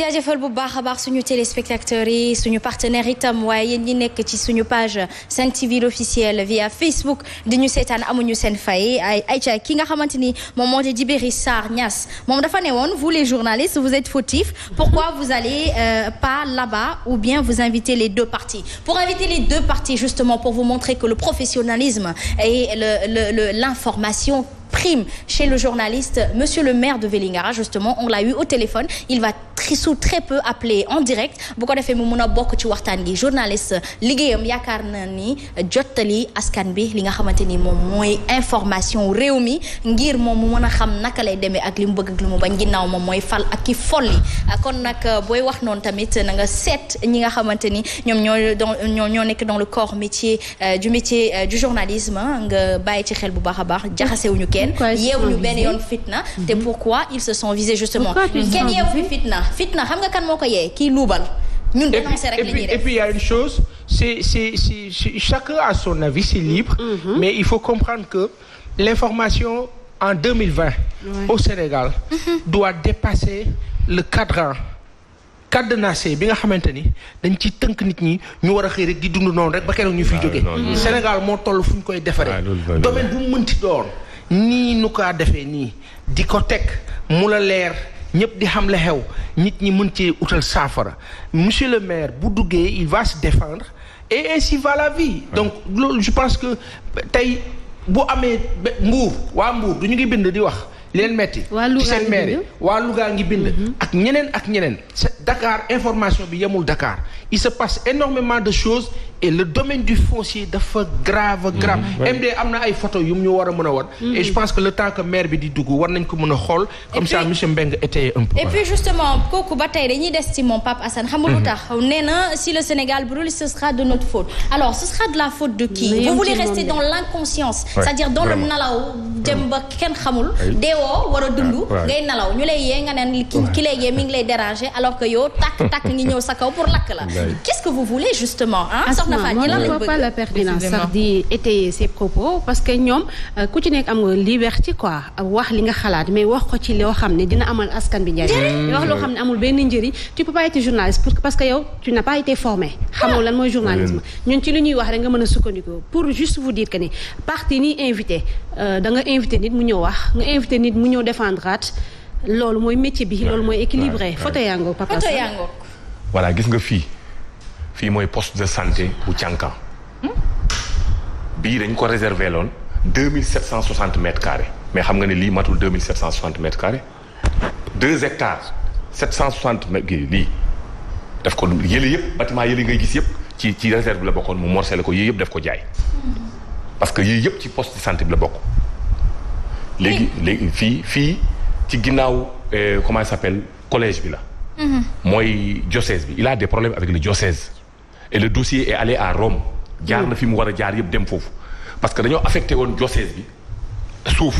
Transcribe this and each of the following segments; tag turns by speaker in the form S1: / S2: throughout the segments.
S1: jaajëfal bu baax a baax suñu téléspectateurs yi suñu partenaires itam waaye yéen ñi nekk ci suñu page Sen TV l'officiel via Facebook di ñu seetaan amuñu seen fay ay ayca ki nga xamante ni moom moo di Djibéry Sarr Niass moom dafa ne woon vous les journalistes vous êtes fautifs pourquoi vous allez euh, pas là-bas ou bien vous invitez les deux parties pour inviter les deux parties justement pour vous montrer que le professionnalisme et le le le l'information prime chez le journaliste monsieur le maire de Vélingara justement on l'a eu au téléphone qui sont très peu appelés en direct bu ko defee mu mun a bokk ci waxtaan gi journaliste liggéeyam yaakaar na ni jottali askan bi li nga xamante ni moom mooy information réew mi ngir moom mu mën a xam naka lay demee ak li mu bëgg ak li mu bañ ginnaaw moom mooy fal ak ki folli kon nag euh, booy wax noonu tamit na nga seet ñi nga xamante ni ñoom ñoo don ñoo ñoo nekk dans le corps métier euh, du métier euh, du journalisme nga bàyyi ci xel bu baax a baax jaxasewuñu kenn yeewuñu benn yoon fitna mm-hmm. te pourquoi ils se sont visés justement kenn yeewu fi fitna fitna xam nga kan moo ko yee kii luubal. ñun dénoncé rek li ñuy def
S2: et puis il y a son avis c'est libre. Mhm. mais il faut comprendre que l'information en 2020. Oui. au Sénégal. Mm-hmm. doit dépasser le cadran. cadenassé bi nga xamante ni dañ ci tënk nit ñi ñu war a xëy rek di dund noonu rek ba keroog ñu fiy jógee. Sénégal moo toll fu ñu koy defaree. domaine bu mu mënti doon. nii nu ko defee nii di ko teg mu la leer. ñëpp di xam la xew nit ñi mën ci utal saafara monsieur le maire bu duggee il va se défendre et ainsi va la vie donc loolu je pense que tey bu amee mbuur waa mbuur du ñu ngi bind di wax leen metti ci seen maire waa Louga ngi bind mhm. ak ñeneen ak ñeneen Dakar information bi yemul Dakar il se passe énormément de choses et le domaine du foncier dafa grave mhm. grave MD am na ay photo yu mu ñu war a mën a wan mhm. et je pense que le temps que maire bi di dugg war nañ ko mën a xool comme ça monsieur Mbengue étaye un peu
S1: et puis justement kooku ba tey dañuy des ci moom Pape Assane mhm. tax nee si le Sénégal brûle ce sera de notre faute alors ce sera de la faute de qui vous voulez rester dans l'inconscience studio takk takk ñëw sa kaw pour lakk la qu'est-ce que vous voulez justement ah parce que
S3: ñoom euh, ku ci nekk am nga liberté quoi wax li nga xalaat mais wax ko ci loo xam ne dina amal askan bi njëriñ wax xam ne amul benn njëriñ tu peux pas être journaliste parce que yow tu n'as pas été li ñuy wax rek nga mën a sukkandiku pour juste vous dire que ni parti ni invité euh, da nga invité nit mu ñëw wax nga invité nit mu ñëw défendre loolu mooy métier bi loolu mooy équilibré photo yaa ngoog papa
S4: voilà gis nga fii fii mooy post de santé bu Thianka hmm? bii dañ ko réservé loon deux mille sept cent soixante mètres carrés mais xam nga ne lii matul deux mille sept cent soixante mètres carrés deux hectares sept cent soixante mètres gi lii daf ko yële yëpp bâtiment yële ngay gis yëpp ci ci réserve bi la bokkoon mu morcelé ko yii yëpp def ko jaay hmm. parce que yii yëpp ci poste de santé bi la bokk léegi léegi fii fii ci ginnaaw euh, comment il s'appelle collège bi la. Mhm. mooy diocèse bi il de problème avec le diocèse. et le dossier est allé à Rome. jaar na fi mu war a jaar yëpp dem foofu. parce que dañoo affecté woon diocèse bi suuf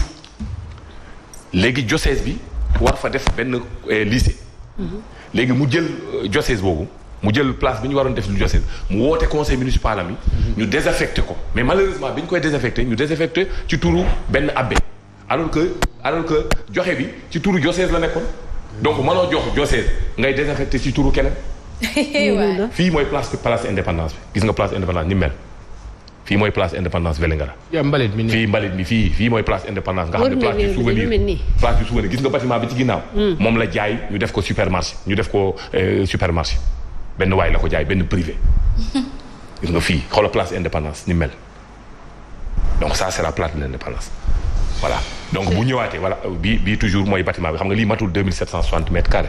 S4: léegi josees bi war fa def benn euh, lycée. Mhm. léegi mu jël euh, diocèse boobu mu jël place bi ñu waroon def lu diocèse mu woote conseil municipal am yi mhm. ñu désaffecté ko mais malheureusement bi ñu koy désaffecté ñu désaffecté ci turu benn abbé. alors que alors que joxe bi ci turu diocèse la nekkoon donc mënoo jox diocèse ngay désinfecté ci turu keneen. fii mooy place place indépendance bi gis nga place indépendance ni mel. fii mooy place indépendance Vélingara. mbalit mi fii mbalit mi fii fii mooy place indépendance. nga xam ne place du souvenir place du souvenir gis nga bâtiment bi ci ginnaaw. Hmm. moom la jaay ñu def ko supermarché ñu def ko euh, supermarché benn waay la ko jaay benn privé. gis nga fii xoolal place indépendance ni mel donc ça c'est la place de l'indépendance. voilà donc bu ñëwaatee voilà euh, bi bii toujours mooy bâtiment bi xam nga lii matul 2760 mètres carrés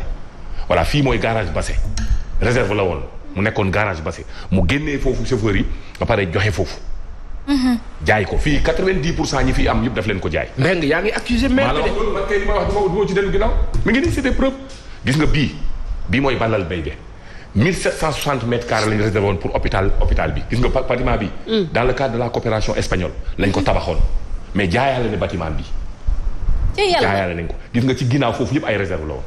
S4: voilà fii mooy garage bassé réserve la woon mu nekkoon garage bassé mu génnee foofu chauffeur yi ba pare joxe foofu mhm. jaay ko fii 90 pour cent ñi fi am yëpp daf leen ko jaay mbeng yaa ngi accusé maire bi de man ngi nii c'est des preuves gis nga bii bii mooy balal bay de 1760 mètres carrés lañu réservé woon pour hôpital hôpital bi gis nga bâtiment bi mm. dans le cadre de la coopération espagnole lañ ko mhm. tabaxoon mais jaayaale ne bâtiment bi.
S1: ci
S3: yàlla jaayaale
S4: nañ ko gis nga ci ginnaaw foofu yëpp ay réserve la woon.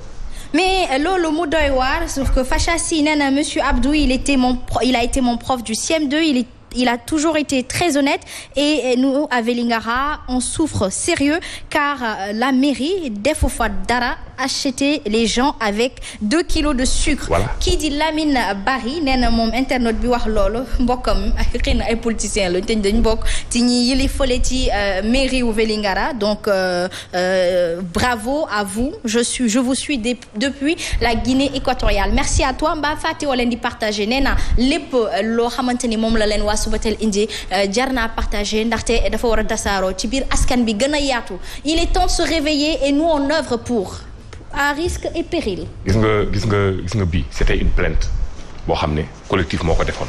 S1: mais euh, loolu mu doy waar sauf que Fachachi nee na monsieur Abdou il était mon il a été mon prof du CM2 il il a toujours été très honnête et nous à Vélingara on souffre sérieux car euh, la mairie defu fa dara acheter les gens avec deux kilos de sucre voilà. kii di Lamine Barry nee na moom internet bi wax loolu mbokkam xëy na ay politiciens lañ teñ dañ bokk ci ñi yili fële ci euh, mairie wu Vélingara donc euh, euh, bravo à vous je vous suis de, depuis la Guinée équatoriale merci à toi mbaa fàtte woo leen di partager nee na lépp euh, loo xamante ni moom la leen Subatel indi euh, jar naa partagé ndaxte dafa war a dasaaroo ci biir askan bi gën a yaatu il est temps de se réveiller et nous on œuvre pour à risque et péril.
S4: gis nga gis nga gis nga bii c'était une plainte boo xam ne collectif moo ko defoon.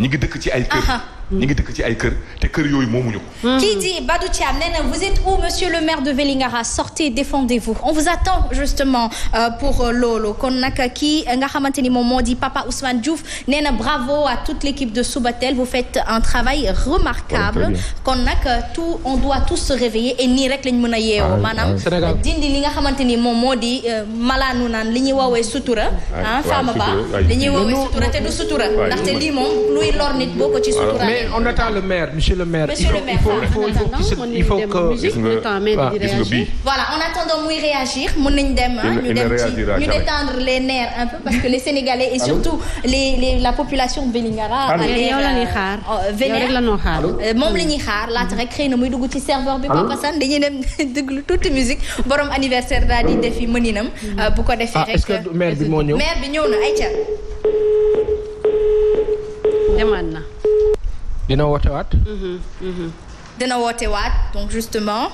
S4: ñi ngi dëkk ci ay kër ñu ngi dëkk ci ay kër te kër yooyu moomuñu ko.
S1: kii hmm. di Badou Thiam na vous êtes où monsieur le maire de Vélingara sortez défendez-vous on vous attend justement euh, pour euh, loolu kon nag kii nga xamante ni moom moo di papa Ousmane Diouf nee na bravo à toute l'équipe de Soubatel vous faites un travail remarquable oh, kon nag tout on doit tous se réveiller et nii rek lañ mën a yeewoo ah, maanaam ah, dindi li nga xamante ni moom moo di euh, malaanu naan li ñuy woowee sutura ah, ah Fama Ba li ñuy woowee sutura te du sutura ndaxte lii moom mais
S2: on attend le maire monsieur le maire. monsieur le maire il faut que gis nga
S1: voilà en attendant muy réagir mën nañ dem ah, ñu dem
S2: ci
S3: ñu détendre
S1: les nerfs un peu parce que les sénégalais et surtout les les la population Vélingara. yow la ñuy xaar euh, euh, vénère la ñoo xaar. Euh, moom la ñuy xaar laata rek xëy na muy dugg ci serveur bi. Papa Sane dañuy dem déglu toute musique borom anniversaire daal di defi mëninam bu ko
S2: defee ah, rek est-ce que maire bi moo ñëw. maire
S1: bi ñëw na ayca. demaat na.
S2: dina woote waat. Mhm, mhm.
S1: woote waat donc justement.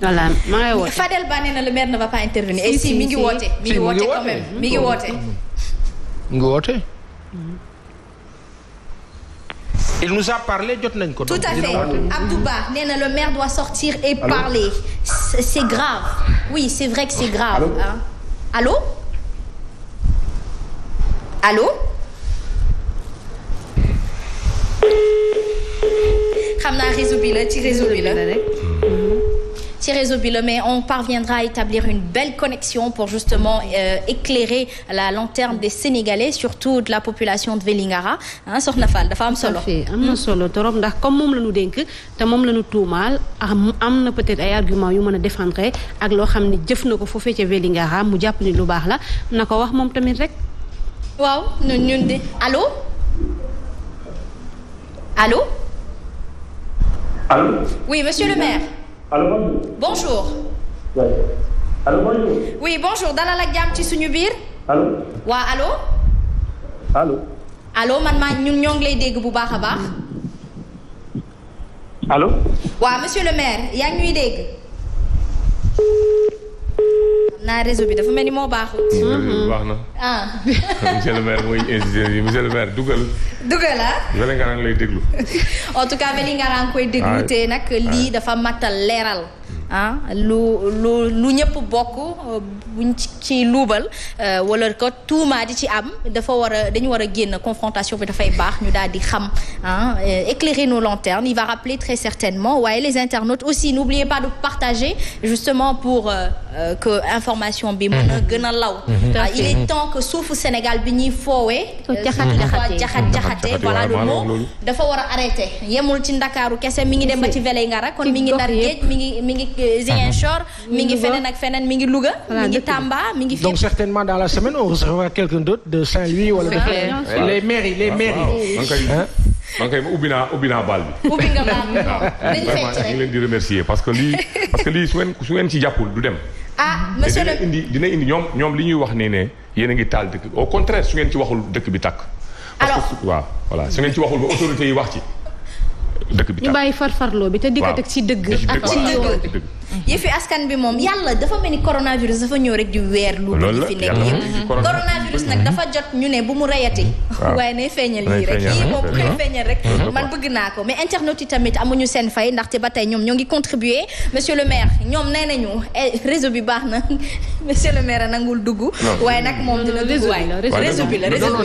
S2: voilà maa ngi woote
S1: Fadel Ba na le maire ne va pas intervenir. si eh, si mi ngi woote mi
S2: mhm. il nous a parlé jot nañ ko. tout à fait Abdou
S1: Ba na le maire doit sortir et parler c'est grave oui c'est vrai que c'est grave. allo xam naa réseau bi la ci réseau bi la mhm. ci réseau bi la mais on parviendra à établir une belle connexion pour justement euh, éclairer la lanterne des Sénégalais surtout de la population de Vélingara ah Soxna Fall dafa am solo. am na solo torop ndax comme moom la ñu dénk te moom la ñu tuumaal
S3: am na peut-être ay arguments yu mën a défendre ak loo xam ne jëf na ko foofee ca Vélingara mu jàpp ni lu baax la na ko wax moom tamit rek.
S1: waaw ñun ñun de allo Allô Oui, monsieur le maire. Allô, bonjour. Oui. bonjour. Oui, bonjour. dalal ak jàmm ci suñu biir. Allô alo alo Allô allô man maa ñun ñoo ngi lay dégg bu baax a baax. Allô waa monsieur le maire yaa ngi ñuy dégg. naa réseau bi dafa mel ni moo baaxul. baax na. ah.
S4: monsieur le maire mooy insister yi monsieur le maire dugal. dugal ah. Vélingara lay déglu.
S1: en tout cas Vélingara koy déglu te nag lii dafa mattal leeral. ah lu lu lu ñëpp bokk euh, buñ ci luubal euh, wala ko tuuma di ci am dafa war a dañu war a génn confrontation bi dafay baax ñu daal di xam ah euh, éclairer nos lanternes il va rappeler très certainement waaye les internautes aussi n'oubliez pas de partager justement pour que information bi mën a mhm. gën a law mhm. ah, il est temps que suufu Sénégal bi ñuy foowee jaxat jaxate voilà le mot dafa war a arrêter ci Ndakaaru kese mi ngi dem ba ci Vélingara kon mi ngi Ndar ngi mi ngi Euh, Ziguinchor mi ngi feneen ak feneen mi ngi Louga mi ngi Tamba
S2: mi ngi donc certainement dans la semaine on recevra quelqu'un d'autre de Saint-Louis wala de les mairies les ah, mairies
S4: man kay ubbi naa ubbi naa baal bi. ubbi nga baal bi waaw ah, vraiment ñu ngi leen di remercier parce que lii parce que lii su ngeen su ngeen ci jàppul du dem.
S1: ah monsieur le
S4: indi dina indi ñoom ñoom li ñuy wax ne ne yéen a ngi taal dëkk au contraire su ngeen ci waxul dëkk bi tàkk. alors waaw voilà su ngeen ci waxul ba autorité yi wax ci. dëkk bi ñu
S1: bàyyi farfarloo bi di
S3: teg ci
S4: dëgg ak ci dëgg mm-hmm.
S1: yëfi askan bi moom yàlla dafa mel ni coronavirus dafa ñëw rek di weer lu dul fi nekk yëpp jot ñu ne bu mu reyati waaye nay feeñal yii rek yii moom bu bëgg naa ko mais internet yi tamit amuñu seen fay te ba tey ñoom ñoo ngi contribuer monsieur le maire ñoom nee eh, réseau bi baax na monsieur le maire nangul dugg waaye nag moom dina dugg waay réseau bi la réseau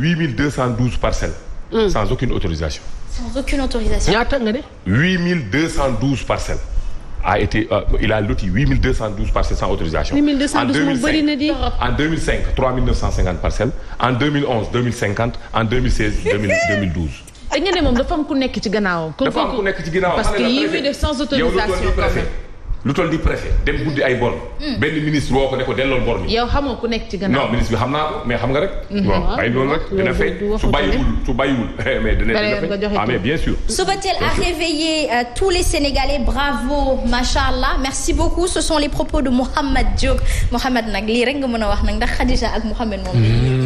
S4: bi Mm. sans aucune autorisation. ne. 8212 parcelles. a été euh, sans autorisation. 8212 mu bëri na di en 2005 3950 parcelles en en 2016 2012.
S3: te ñu ne moom dafa am ku nekk ci gannaawam. dafa am ku
S4: nekk ci gannaawam parce que yii muy def sans autorisation lu toll di préfet dem guddi ay bor. Hmm. benn ministre woo ko ne ko dellool bor bi.
S3: yow xamoo ku nekk ci gannaaw. non ministre
S4: bi xam naa mais xam nga rek. bon hmm. hmm. bàyyi loolu su bàyyiwul su mais dina dina fay ah mais bien
S1: a réveillé euh, tous les Sénégalais bravo macha allah merci beaucoup ce sont les propos de Mouhamed Diop Mouhamed nag lii rek nga mën a wax nag ndax Khadija ak Mouhamed moom.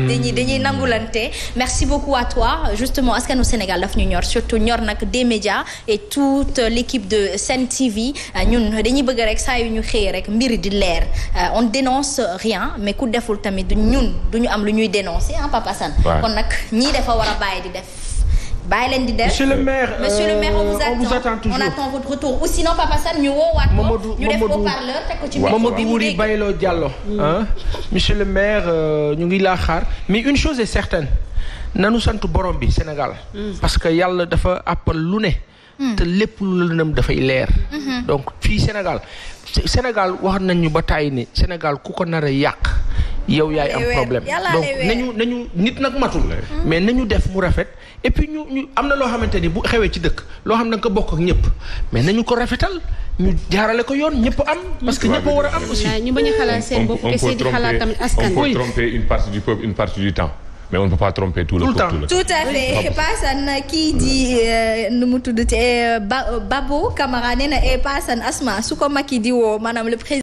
S1: dañuy dañuy nangulante merci beaucoup à toi justement askanu Sénégal daf ñu ñor surtout ñor nag des médias et toute l'équipe de Sen TV ñun dañuy bëgg rek saa yu ñu xëyee rek mbir di leer euh, on dénonce rien mais ku deful tamit du du ñu am lu ñuy dénoncer ah Papa kon nag ñii dafa war a bàyyi di def bàyyi leen di def monsieur le maire euh, monsieur le maire on vous attend on vous attend toujours on attend votre retour parleur teg ko ci Mamadou Wuri
S2: Baylo Diallo ah monsieur le maire euh, ñu ngi laa xaar mais une chose est certaine nanu sant borom bi Sénégal mm. parce que yàlla dafa àppal lu ne Mm. te lépp lu lëndëm dafay leer. Mm-hmm. donc fii Sénégal Sénégal wax nañ ñu ba tàyyi ni Sénégal ku ko nar yàq. yow yaay am eh problème donc eh nañu nañu nit nag matul. Mm-hmm. mais nañu def mu rafet et ñu ñu am na loo xamante ni bu xewee ci dëkk loo xam ne nga bokk ak ñëpp mais nañu ko rafetal ñu jaarale ko yoon ñëpp am. parce que ñëpp war a am aussi. ñu bañ a xalaat seen bopp kese di xalaat tamit askan.
S4: on mais on ne peut pas tromper tout le tout, temps. tout à fait
S1: Paasan kii di nu mu tudd te euh, Babo Camara nee na Paasan Asma su ko Macky di woo maanaam le président